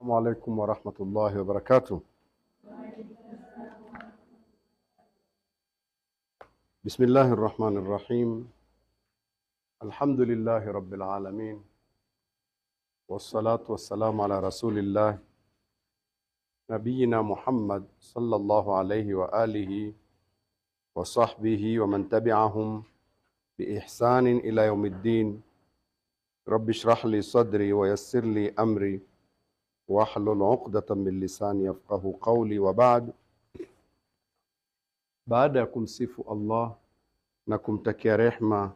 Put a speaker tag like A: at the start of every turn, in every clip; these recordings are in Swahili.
A: السلام عليكم ورحمة الله وبركاته بسم الله الرحمن الرحيم الحمد لله رب العالمين والصلاة والسلام على رسول الله نبينا محمد صلى الله عليه وآله وصحبه ومن تبعهم بإحسان إلى يوم الدين رب اشرح لي صدري ويسر لي أمري wahlul uqdatan min lisani yafqahu qauli wa ba'd. Baada ya kumsifu Allah na kumtakia rehma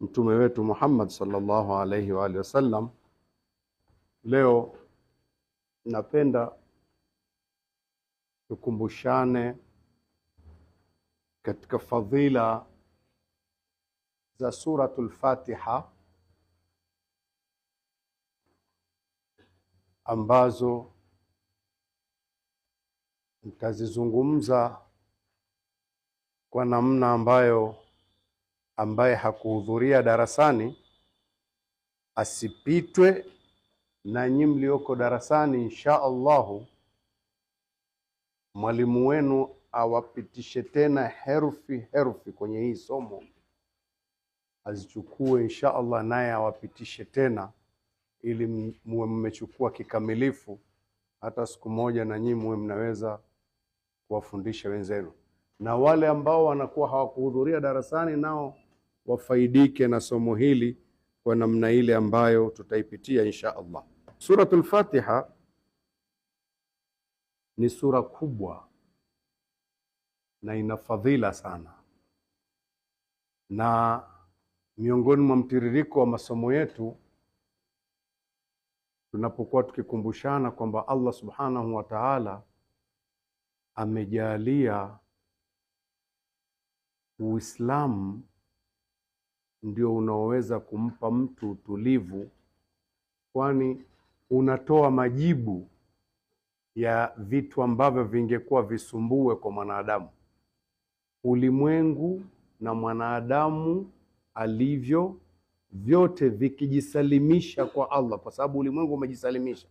A: mtume wetu Muhammad sallallahu alaihi wa alihi wasallam, leo napenda tukumbushane katika fadhila za suratul Fatiha ambazo nitazizungumza kwa namna ambayo ambaye hakuhudhuria darasani asipitwe, na nyi mlioko darasani, insha Allahu mwalimu wenu awapitishe tena herufi herufi kwenye hii somo, azichukue insha Allah, naye awapitishe tena ili muwe mmechukua kikamilifu, hata siku moja na nyinyi muwe mnaweza kuwafundisha wenzenu, na wale ambao wanakuwa hawakuhudhuria darasani nao wafaidike na somo hili kwa namna ile ambayo tutaipitia insha Allah. Suratul Fatiha ni sura kubwa na ina fadhila sana, na miongoni mwa mtiririko wa masomo yetu tunapokuwa tukikumbushana kwamba Allah subhanahu wa taala amejalia Uislamu ndio unaoweza kumpa mtu utulivu, kwani unatoa majibu ya vitu ambavyo vingekuwa visumbue kwa mwanadamu. Ulimwengu na mwanadamu alivyo vyote vikijisalimisha kwa Allah, kwa sababu ulimwengu umejisalimisha,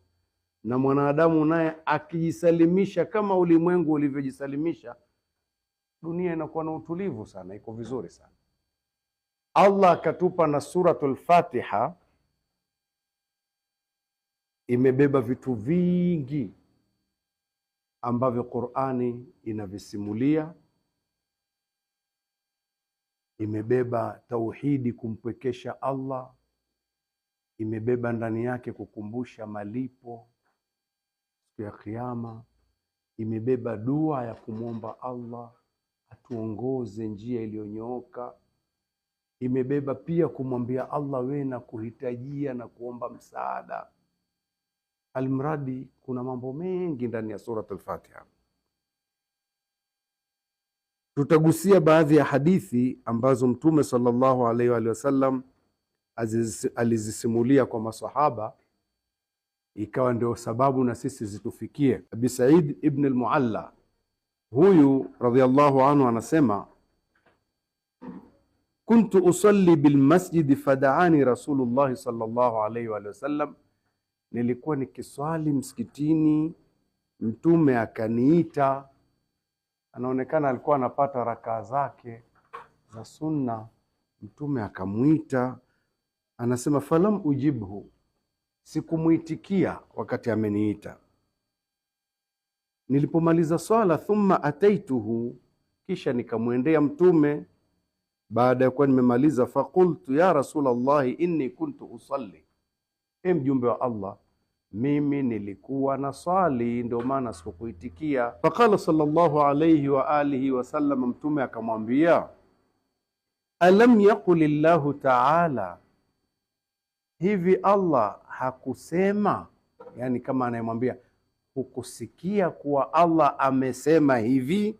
A: na mwanadamu naye akijisalimisha kama ulimwengu ulivyojisalimisha, dunia inakuwa na utulivu sana, iko vizuri sana. Allah akatupa na Suratul Fatiha imebeba vitu vingi ambavyo Qur'ani inavisimulia imebeba tauhidi, kumpwekesha Allah, imebeba ndani yake kukumbusha malipo siku ya Kiyama, imebeba dua ya kumwomba Allah atuongoze njia iliyonyooka, imebeba pia kumwambia Allah we na kuhitajia na kuomba msaada. Almradi kuna mambo mengi ndani ya Surat Al-Fatiha. Tutagusia baadhi ya hadithi ambazo Mtume sallallahu alaihi wa alizisimulia kwa masahaba, ikawa ndio sababu na sisi zitufikie. Abi Said ibn al-Mualla huyu radhiallahu anhu anasema kuntu usalli bilmasjidi fadaani rasulullahi sallallahu alaihi wa sallam, nilikuwa nikiswali msikitini, Mtume akaniita anaonekana alikuwa anapata rakaa zake za sunna. Mtume akamwita, anasema falam ujibhu, sikumwitikia wakati ameniita. Nilipomaliza swala, thumma ataituhu, kisha nikamwendea Mtume baada ya kuwa nimemaliza. Fakultu ya rasula llahi inni kuntu usalli, e mjumbe wa Allah mimi nilikuwa na swali ndio maana sikukuitikia. Faqala sallallahu alayhi wa alihi sallam, Mtume akamwambia alam yaqul llahu taala, hivi Allah hakusema? Yani kama anayemwambia hukusikia kuwa Allah amesema hivi?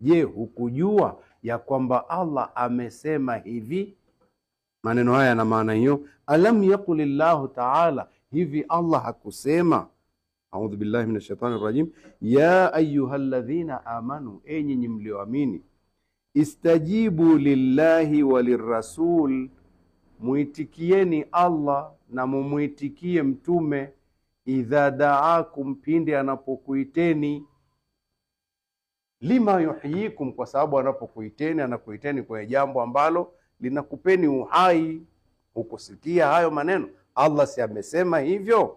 A: Je, hukujua ya kwamba Allah amesema hivi? Maneno haya yana maana hiyo, alam yaqul llahu taala hivi allah hakusema audhu billahi min shaitani rajim ya ayuhaladhina amanu enyenyi mlioamini istajibu lillahi walirrasul, mwitikieni allah na mumwitikie mtume idha daakum pinde anapokuiteni lima yuhyikum kwa sababu anapokuiteni anakuiteni kwenye jambo ambalo linakupeni uhai hukusikia hayo maneno Allah si amesema hivyo?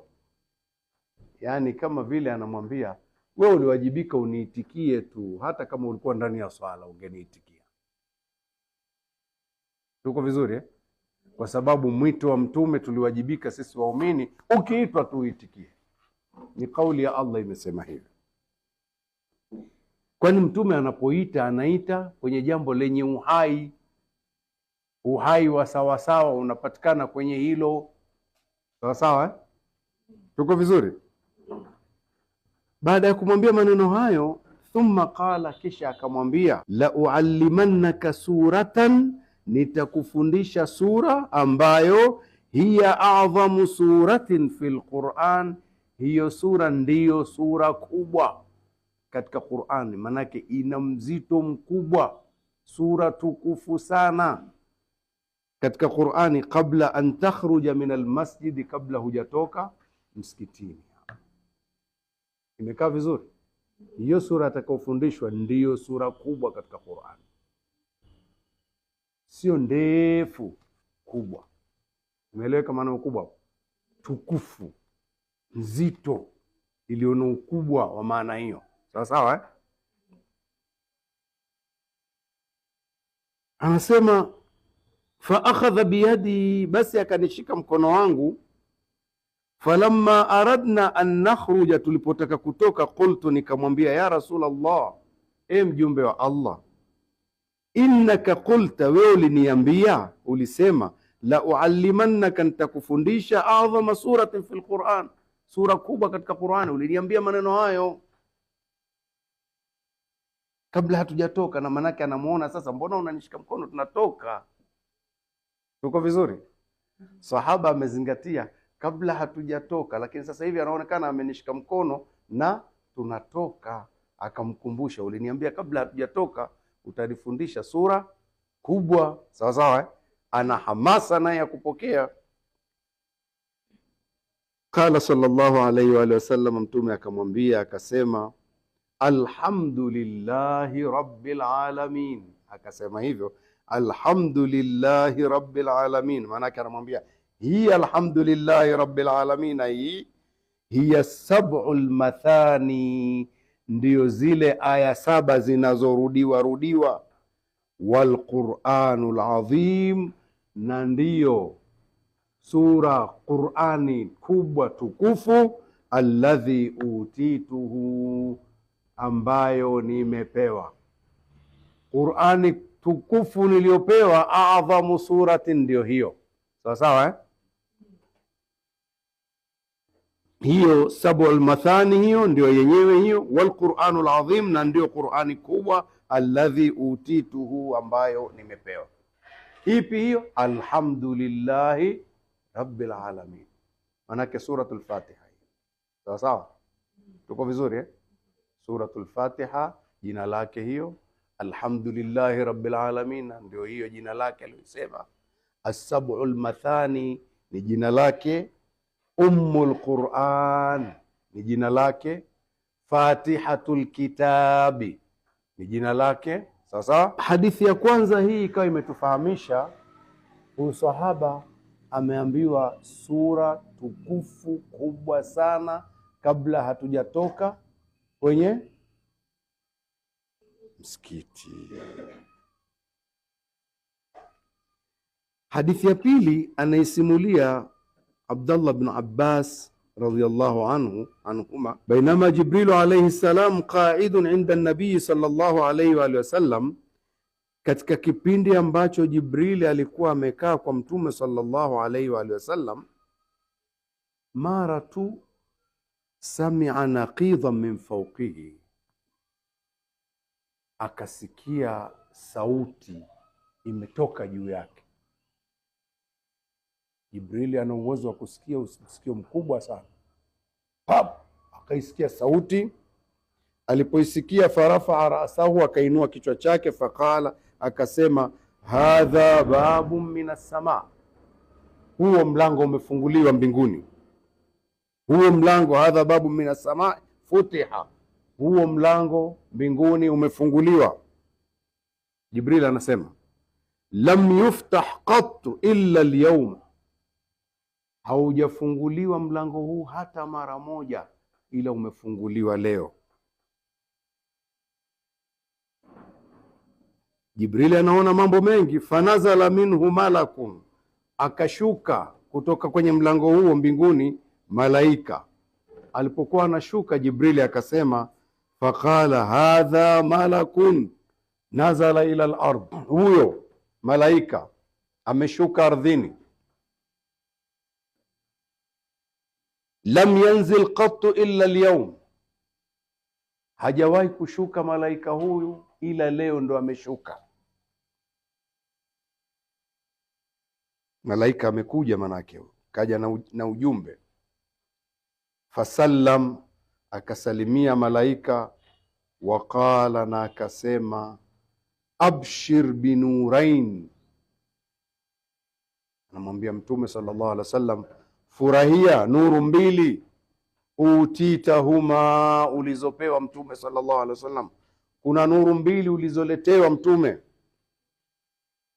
A: Yaani kama vile anamwambia wewe uliwajibika uniitikie tu, hata kama ulikuwa ndani ya swala ungeniitikia. Tuko vizuri eh? Kwa sababu mwito wa Mtume tuliwajibika sisi waumini, ukiitwa tu uitikie. Ni kauli ya Allah imesema hivyo. Kwani Mtume anapoita anaita kwenye jambo lenye uhai, uhai wa sawasawa unapatikana kwenye hilo Sawa sawa eh? Tuko vizuri? Baada ya kumwambia maneno hayo, thumma qala, kisha akamwambia, la uallimannaka suratan, nitakufundisha sura ambayo hiya adhamu suratin fil Quran, hiyo sura ndiyo sura kubwa katika Qurani, maanake ina mzito mkubwa, sura tukufu sana katika Qur'ani, kabla an takhruja min almasjidi, kabla hujatoka msikitini. Imekaa vizuri hiyo sura atakayofundishwa ndiyo sura kubwa katika Qur'ani, sio ndefu, kubwa. Imeeleweka maana ukubwa, tukufu, nzito, iliyo na ukubwa wa maana hiyo, sawa sawa eh? Anasema faakhadha biyadi, basi akanishika mkono wangu. Falamma aradna an nakhruja, tulipotaka kutoka. Qultu, nikamwambia ya Rasulullah, e mjumbe wa Allah, innaka qulta, wewe uliniambia ulisema, la uallimannaka, nitakufundisha adhama suratin fi lquran, sura kubwa katika Qurani. Uliniambia maneno hayo kabla hatujatoka, na maanake anamuona sasa, mbona unanishika mkono tunatoka Tuko vizuri? Mhm. Sahaba amezingatia kabla hatujatoka, lakini sasa hivi anaonekana amenishika mkono na tunatoka, akamkumbusha uliniambia kabla hatujatoka utanifundisha sura kubwa, sawa sawa eh? Ana hamasa naye ya kupokea. Qala sallallahu alayhi wa alihi Mtume akamwambia akasema, alhamdulillahi rabbil alamin, akasema hivyo alhamdulillahi rabbil alamin. Maanake anamwambia hii alhamdulillahi rabbil alamin, hii hiya sab'ul mathani, ndiyo zile aya saba zinazorudiwa rudiwa, walquranul azim, na ndiyo sura Qurani kubwa tukufu alladhi utituhu, ambayo nimepewa Qurani tukufu niliyopewa adhamu surati ndio hiyo sawa sawa eh? hiyo sabu almathani hiyo ndio yenyewe hiyo walquranu ladhim na ndio qurani kubwa alladhi utituhu ambayo nimepewa ipi hiyo alhamdulillahi rabbil alamin manake suratul fatiha sawa sawa tuko vizuri eh? suratul fatiha jina lake hiyo Alhamdulillahi rabbil alamin, ndio hiyo jina lake aliyosema. Assabu lmathani ni jina lake, Ummu lquran ni jina lake, Fatihatu lkitabi ni jina lake. Sasa hadithi ya kwanza hii ikawa imetufahamisha huyu sahaba ameambiwa sura tukufu kubwa sana, kabla hatujatoka kwenye msikiti. Hadithi ya pili anaisimulia Abdullah bin Abbas radhiyallahu anhu anhuma, bainama Jibrilu alayhi salam qaidun inda nabii sallallahu alayhi wa sallam, katika kipindi ambacho Jibrili alikuwa amekaa kwa mtume sallallahu alayhi wa sallam, mara tu samia naqidan min fawqihi akasikia sauti imetoka juu yake. Jibrili ana uwezo wa kusikia usikio mkubwa sana. Pap, akaisikia sauti. Alipoisikia farafaa rasahu, akainua kichwa chake, faqala, akasema hadha babu min huo mlango umefunguliwa mbinguni. Huo mlango, hadha babu min asama futiha huo mlango mbinguni umefunguliwa. Jibril anasema lam yuftah qattu illa lyauma, haujafunguliwa mlango huu hata mara moja, ila umefunguliwa leo. Jibrili anaona mambo mengi. fanazala minhu malakun, akashuka kutoka kwenye mlango huo mbinguni malaika. Alipokuwa anashuka, Jibrili akasema faqala hadha malakun nazala ila al huyo malaika ameshuka ardhini. Lam yanzil qattu illa lyaum hajawahi kushuka malaika huyu ila leo ndo ameshuka. Malaika amekuja manake kaja na ujumbe fasallam akasalimia malaika waqala, na akasema abshir binurain, anamwambia Mtume sallallahu alaihi wasallam, furahia nuru mbili utitahuma, ulizopewa Mtume sallallahu alaihi wasallam. Kuna nuru mbili ulizoletewa Mtume,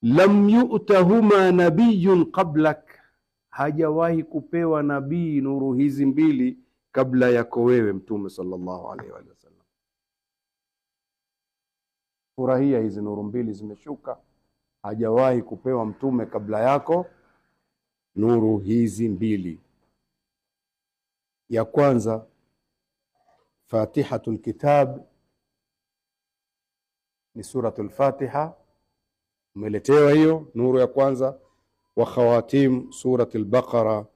A: lam yu'tahuma nabiyun qablak, hajawahi kupewa nabii nuru hizi mbili kabla yako wewe Mtume sallallahu alaihi wa sallam. Furahia hizi nuru mbili zimeshuka, hajawahi kupewa mtume kabla yako nuru hizi mbili. Ya kwanza Fatihatul Kitab ni suratul Fatiha, umeletewa hiyo nuru ya kwanza. Wa khawatim suratul Baqara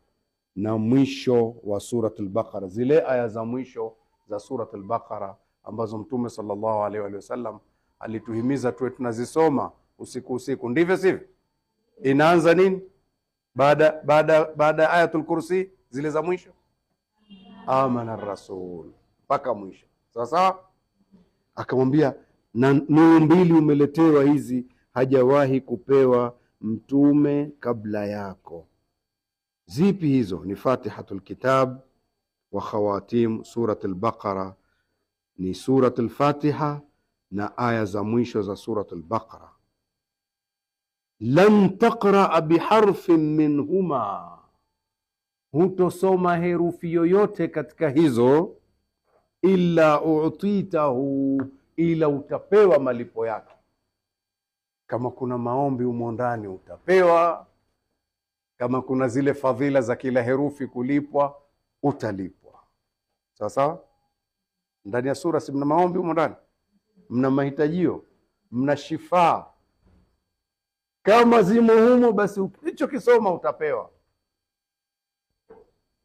A: na mwisho wa Suratul Baqara, zile aya za mwisho za Suratul Baqara ambazo Mtume sallallahu alaihi sallam alituhimiza tuwe tunazisoma usiku usiku, ndivyo sivyo? Inaanza nini baada baada baada ya Ayatul Kursi zile za mwisho, amana rasul mpaka mwisho, sawa sawa. Akamwambia na nuru mbili umeletewa, hizi hajawahi kupewa mtume kabla yako Zipi hizo? Ni Fatihatul Kitab wa khawatim Surat baqara ni Surat al-Fatiha na aya za mwisho za Surat al-Baqara. Lan taqraa biharfin minhuma, hutosoma herufi yoyote katika hizo. Illa utitahu, ila utapewa malipo yake. Kama kuna maombi umo ndani utapewa kama kuna zile fadhila za kila herufi kulipwa, utalipwa sawa sawa. Ndani ya sura si mna maombi humo ndani, mna mahitajio, mna shifaa kama zimo humo, basi kisoma utapewa.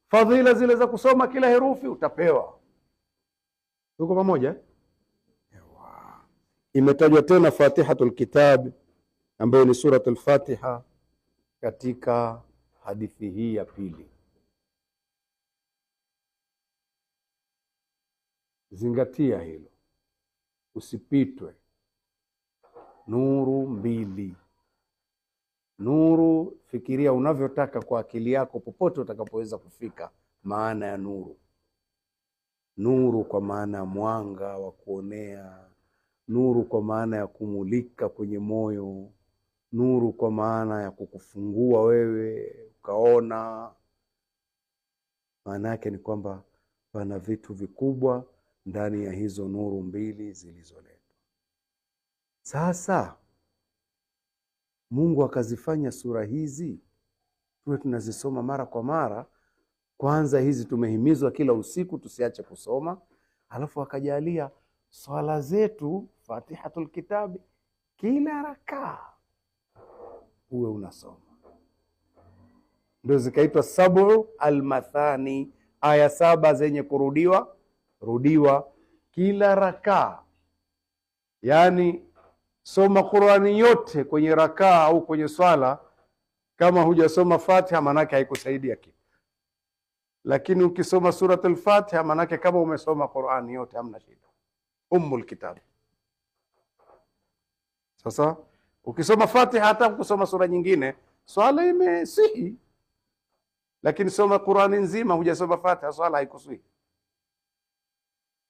A: Fadhila zile za kusoma kila herufi utapewa. Tuko pamoja? Eh? Imetajwa tena Fatihatul Kitab ambayo ni Suratul Fatiha katika hadithi hii ya pili. Zingatia hilo, usipitwe. Nuru mbili, nuru. Fikiria unavyotaka kwa akili yako, popote utakapoweza kufika. Maana ya nuru, nuru kwa maana ya mwanga wa kuonea, nuru kwa maana ya kumulika kwenye moyo nuru kwa maana ya kukufungua wewe ukaona. Maana yake ni kwamba pana vitu vikubwa ndani ya hizo nuru mbili zilizoletwa. Sasa Mungu akazifanya sura hizi tuwe tunazisoma mara kwa mara. Kwanza hizi tumehimizwa kila usiku tusiache kusoma, alafu akajalia swala zetu Fatihatul Kitabi kila rakaa uwe unasoma. Ndio zikaitwa sabu almathani, aya saba zenye kurudiwa rudiwa kila rakaa, yaani soma Qurani yote kwenye rakaa au kwenye swala. Kama hujasoma Fatiha, maanake haikusaidia kitu, lakini ukisoma Surat al-Fatiha, maanake kama umesoma Qurani yote, hamna shida. Ummul kitabu sasa Ukisoma Fatiha hata kusoma sura nyingine swala imesihi, lakini soma Qurani nzima hujasoma Fatiha, swala haikusihi.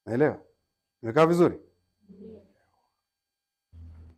A: Naelewa? Imekaa vizuri?